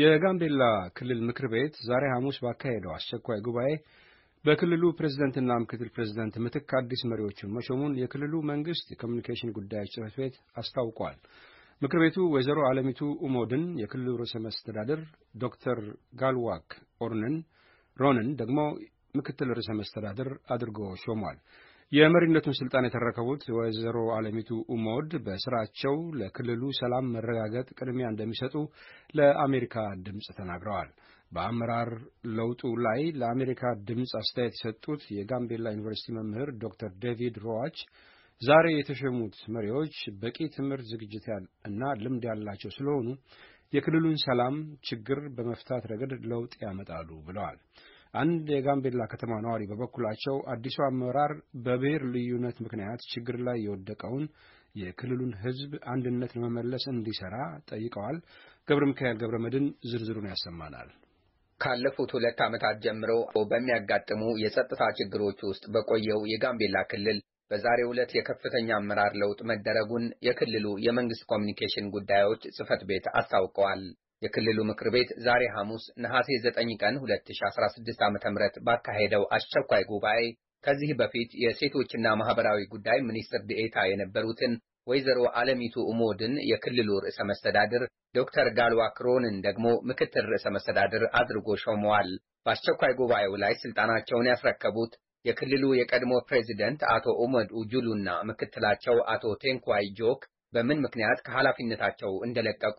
የጋምቤላ ክልል ምክር ቤት ዛሬ ሐሙስ ባካሄደው አስቸኳይ ጉባኤ በክልሉ ፕሬዝደንትና ምክትል ፕሬዝደንት ምትክ አዲስ መሪዎችን መሾሙን የክልሉ መንግስት የኮሚኒኬሽን ጉዳዮች ጽህፈት ቤት አስታውቋል። ምክር ቤቱ ወይዘሮ አለሚቱ ኡሞድን የክልሉ ርዕሰ መስተዳድር፣ ዶክተር ጋልዋክ ኦርንን ሮንን ደግሞ ምክትል ርዕሰ መስተዳድር አድርጎ ሾሟል። የመሪነቱን ስልጣን የተረከቡት ወይዘሮ አለሚቱ ኡሞድ በስራቸው ለክልሉ ሰላም መረጋገጥ ቅድሚያ እንደሚሰጡ ለአሜሪካ ድምፅ ተናግረዋል። በአመራር ለውጡ ላይ ለአሜሪካ ድምፅ አስተያየት የሰጡት የጋምቤላ ዩኒቨርሲቲ መምህር ዶክተር ዴቪድ ሮዋች ዛሬ የተሸሙት መሪዎች በቂ ትምህርት ዝግጅት እና ልምድ ያላቸው ስለሆኑ የክልሉን ሰላም ችግር በመፍታት ረገድ ለውጥ ያመጣሉ ብለዋል። አንድ የጋምቤላ ከተማ ነዋሪ በበኩላቸው አዲሱ አመራር በብሔር ልዩነት ምክንያት ችግር ላይ የወደቀውን የክልሉን ሕዝብ አንድነት ለመመለስ እንዲሰራ ጠይቀዋል። ገብረ ሚካኤል ገብረ መድን ዝርዝሩን ያሰማናል። ካለፉት ሁለት ዓመታት ጀምሮ በሚያጋጥሙ የጸጥታ ችግሮች ውስጥ በቆየው የጋምቤላ ክልል በዛሬው ዕለት የከፍተኛ አመራር ለውጥ መደረጉን የክልሉ የመንግስት ኮሚኒኬሽን ጉዳዮች ጽህፈት ቤት አስታውቀዋል። የክልሉ ምክር ቤት ዛሬ ሐሙስ ነሐሴ 9 ቀን 2016 ዓ.ም ባካሄደው አስቸኳይ ጉባኤ ከዚህ በፊት የሴቶችና ማህበራዊ ጉዳይ ሚኒስትር ዲኤታ የነበሩትን ወይዘሮ አለሚቱ ኡሞድን የክልሉ ርዕሰ መስተዳድር ዶክተር ጋልዋ ክሮንን ደግሞ ምክትል ርዕሰ መስተዳድር አድርጎ ሾመዋል። በአስቸኳይ ጉባኤው ላይ ስልጣናቸውን ያስረከቡት የክልሉ የቀድሞ ፕሬዚደንት አቶ ኡመድ ኡጁሉና ምክትላቸው አቶ ቴንኳይ ጆክ በምን ምክንያት ከኃላፊነታቸው እንደለቀቁ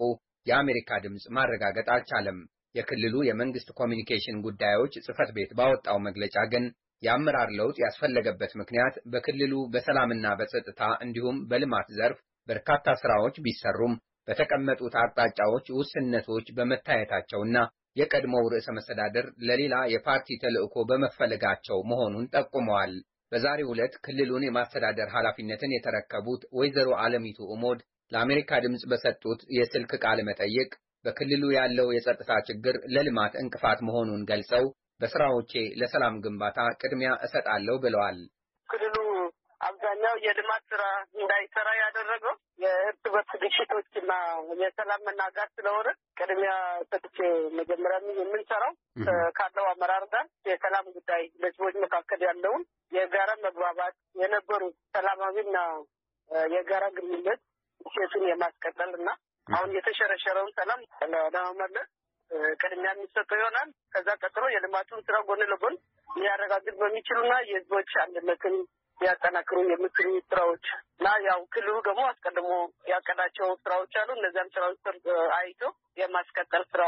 የአሜሪካ ድምፅ ማረጋገጥ አልቻለም። የክልሉ የመንግስት ኮሚኒኬሽን ጉዳዮች ጽህፈት ቤት ባወጣው መግለጫ ግን የአመራር ለውጥ ያስፈለገበት ምክንያት በክልሉ በሰላምና በጸጥታ እንዲሁም በልማት ዘርፍ በርካታ ስራዎች ቢሰሩም በተቀመጡት አቅጣጫዎች ውስንነቶች በመታየታቸውና የቀድሞው ርዕሰ መስተዳደር ለሌላ የፓርቲ ተልዕኮ በመፈለጋቸው መሆኑን ጠቁመዋል። በዛሬው ዕለት ክልሉን የማስተዳደር ኃላፊነትን የተረከቡት ወይዘሮ አለሚቱ እሞድ ለአሜሪካ ድምፅ በሰጡት የስልክ ቃለ መጠይቅ በክልሉ ያለው የጸጥታ ችግር ለልማት እንቅፋት መሆኑን ገልጸው በስራዎቼ ለሰላም ግንባታ ቅድሚያ እሰጣለሁ ብለዋል። ክልሉ አብዛኛው የልማት ስራ እንዳይሰራ ያደረገው የእርስ በርስ ግጭቶችና የሰላም መናጋት ስለሆነ ቅድሚያ ሰጥቼ መጀመሪያ የምንሰራው ካለው አመራር ጋር የሰላም ጉዳይ በህዝቦች መካከል ያለውን የጋራ መግባባት የነበሩ ሰላማዊና የጋራ ግንኙነት ሴቱን የማስቀጠል እና አሁን የተሸረሸረውን ሰላም ለመመለስ ቅድሚያ የሚሰጠው ይሆናል። ከዛ ቀጥሎ የልማቱን ስራ ጎን ለጎን ሊያረጋግጥ በሚችሉና የህዝቦች አንድነትን ሊያጠናክሩ የምትሉ ስራዎች እና ያው ክልሉ ደግሞ አስቀድሞ ያቀዳቸው ስራዎች አሉ። እነዚያም ስራዎች አይቶ የማስቀጠል ስራ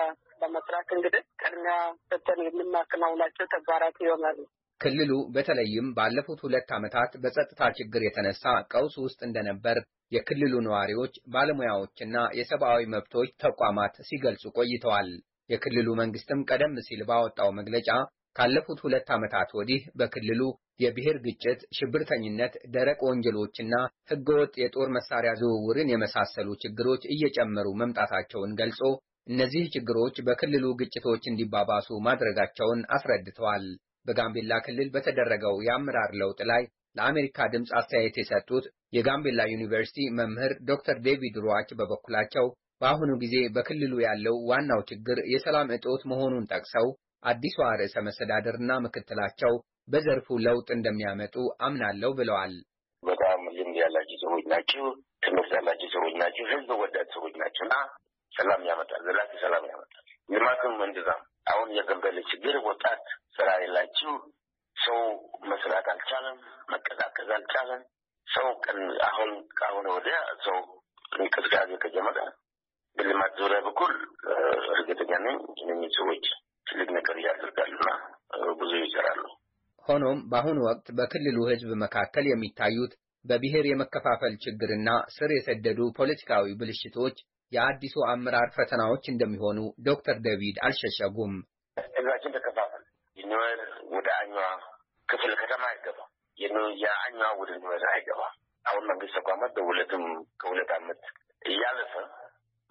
ለመስራት እንግዲህ ቅድሚያ ሰጥተን የምናከናውናቸው ተግባራት ይሆናሉ። ክልሉ በተለይም ባለፉት ሁለት ዓመታት በጸጥታ ችግር የተነሳ ቀውስ ውስጥ እንደነበር የክልሉ ነዋሪዎች፣ ባለሙያዎችና የሰብአዊ መብቶች ተቋማት ሲገልጹ ቆይተዋል። የክልሉ መንግስትም ቀደም ሲል ባወጣው መግለጫ ካለፉት ሁለት ዓመታት ወዲህ በክልሉ የብሔር ግጭት፣ ሽብርተኝነት፣ ደረቅ ወንጀሎችና ህገወጥ የጦር መሳሪያ ዝውውርን የመሳሰሉ ችግሮች እየጨመሩ መምጣታቸውን ገልጾ እነዚህ ችግሮች በክልሉ ግጭቶች እንዲባባሱ ማድረጋቸውን አስረድተዋል። በጋምቤላ ክልል በተደረገው የአመራር ለውጥ ላይ ለአሜሪካ ድምፅ አስተያየት የሰጡት የጋምቤላ ዩኒቨርሲቲ መምህር ዶክተር ዴቪድ ሩዋች በበኩላቸው በአሁኑ ጊዜ በክልሉ ያለው ዋናው ችግር የሰላም እጦት መሆኑን ጠቅሰው አዲሷ ርዕሰ መስተዳደርና ምክትላቸው በዘርፉ ለውጥ እንደሚያመጡ አምናለሁ ብለዋል። በጣም ልምድ ያላቸው ሰዎች ናቸው። ትምህርት ያላቸው ሰዎች ናቸው። ህዝብ ወዳድ ሰዎች ናቸው እና ሰላም ያመጣል። ዘላቂ ሰላም ያመጣል። ልማትም እንደዛም አሁን የገንበለ ችግር ወጣት ስራ የላችው ሰው መስራት አልቻለም፣ መቀዛቀዝ አልቻለም። ሰው ቀን አሁን ከአሁን ወዲያ ሰው እንቅስቃሴ ከጀመረ በልማት ዙሪያ በኩል እርግጠኛ ነኝ እነኝህ ሰዎች ትልቅ ነገር ያደርጋሉና ብዙ ይሰራሉ። ሆኖም በአሁኑ ወቅት በክልሉ ህዝብ መካከል የሚታዩት በብሔር የመከፋፈል ችግርና ስር የሰደዱ ፖለቲካዊ ብልሽቶች የአዲሱ አመራር ፈተናዎች እንደሚሆኑ ዶክተር ደቪድ አልሸሸጉም። ህዝባችን ተከፋ ኒውዌር ወደ አኛዋ ክፍል ከተማ አይገባም። የአኛ ወደ ኒውዌር አይገባም። አሁን መንግስት ተቋማት በሁለትም ከሁለት አመት እያለፈ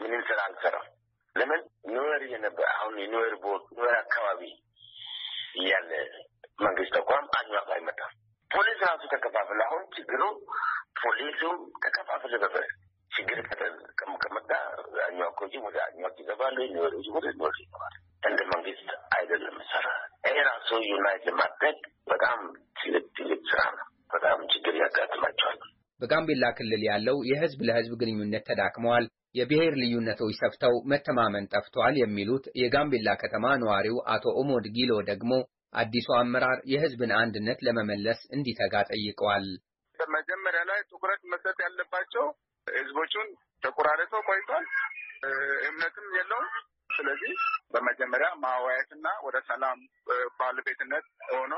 ምንም ስራ አልሰራም። ለምን ኒወር የነበረ አሁን የኒወር ቦርድ ኒወር አካባቢ እያለ መንግስት ተቋም አኛ አይመጣም። ፖሊስ ራሱ ተከፋፍለ አሁን ችግሩ ፖሊሱም ተከፋፍለ በበ ችግር ከመጣ አኛዋ ኮጂ ወደ አኛዋ ይገባሉ፣ ኒውዌሮች ወደ ኒወር ይገባል። እንደ መንግስት አይደለም ሰራ። ይሄ ራሱ ዩናይት ለማድረግ በጣም ትልቅ ትልቅ ስራ ነው። በጣም ችግር ያጋጥማቸዋል። በጋምቤላ ክልል ያለው የህዝብ ለህዝብ ግንኙነት ተዳክመዋል፣ የብሔር ልዩነቶች ሰፍተው መተማመን ጠፍቷል የሚሉት የጋምቤላ ከተማ ነዋሪው አቶ ኦሞድ ጊሎ ደግሞ አዲሱ አመራር የህዝብን አንድነት ለመመለስ እንዲተጋ ጠይቀዋል። በመጀመሪያ ላይ ትኩረት መስጠት ያለባቸው ህዝቦቹን ተቆራርተው ቆይቷል። እና ወደ ሰላም ባለቤትነት ሆኖ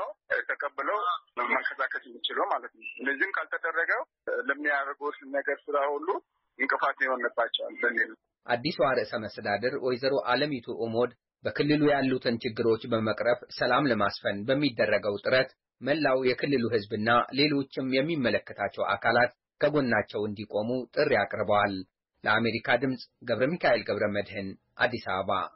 ተቀብለው መንቀሳቀስ የሚችለው ማለት ነው። እነዚህም ካልተደረገው ለሚያደርጉት ነገር ስራ ሁሉ እንቅፋት ይሆንባቸዋል በሚል አዲሷ ርዕሰ መስተዳድር ወይዘሮ አለሚቱ ኦሞድ በክልሉ ያሉትን ችግሮች በመቅረፍ ሰላም ለማስፈን በሚደረገው ጥረት መላው የክልሉ ሕዝብና ሌሎችም የሚመለከታቸው አካላት ከጎናቸው እንዲቆሙ ጥሪ አቅርበዋል። ለአሜሪካ ድምፅ ገብረ ሚካኤል ገብረ መድህን አዲስ አበባ